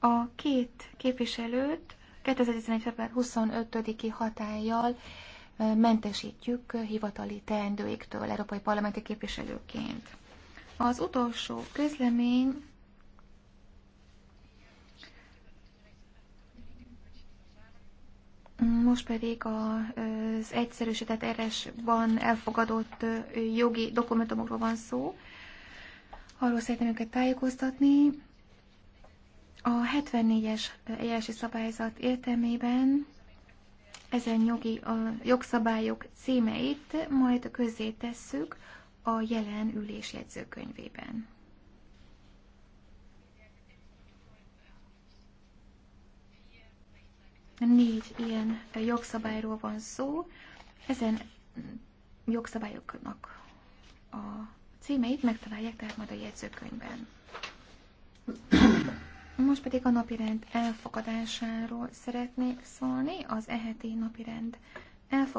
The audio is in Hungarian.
a két képviselőt 2011. február 25-i hatállyal mentesítjük hivatali teendőiktől európai parlamenti képviselőként. Az utolsó közlemény Most pedig az egyszerűsített RS-ban elfogadott jogi dokumentumokról van szó. Arról szeretném őket tájékoztatni, a 74-es eljárási szabályzat értelmében ezen jogi, a jogszabályok címeit majd közzé tesszük a jelen ülés jegyzőkönyvében. Négy ilyen jogszabályról van szó. Ezen jogszabályoknak a címeit megtalálják tehát majd a jegyzőkönyvben. Most pedig a napirend elfogadásáról szeretnék szólni, az eheti napirend elfogadásáról.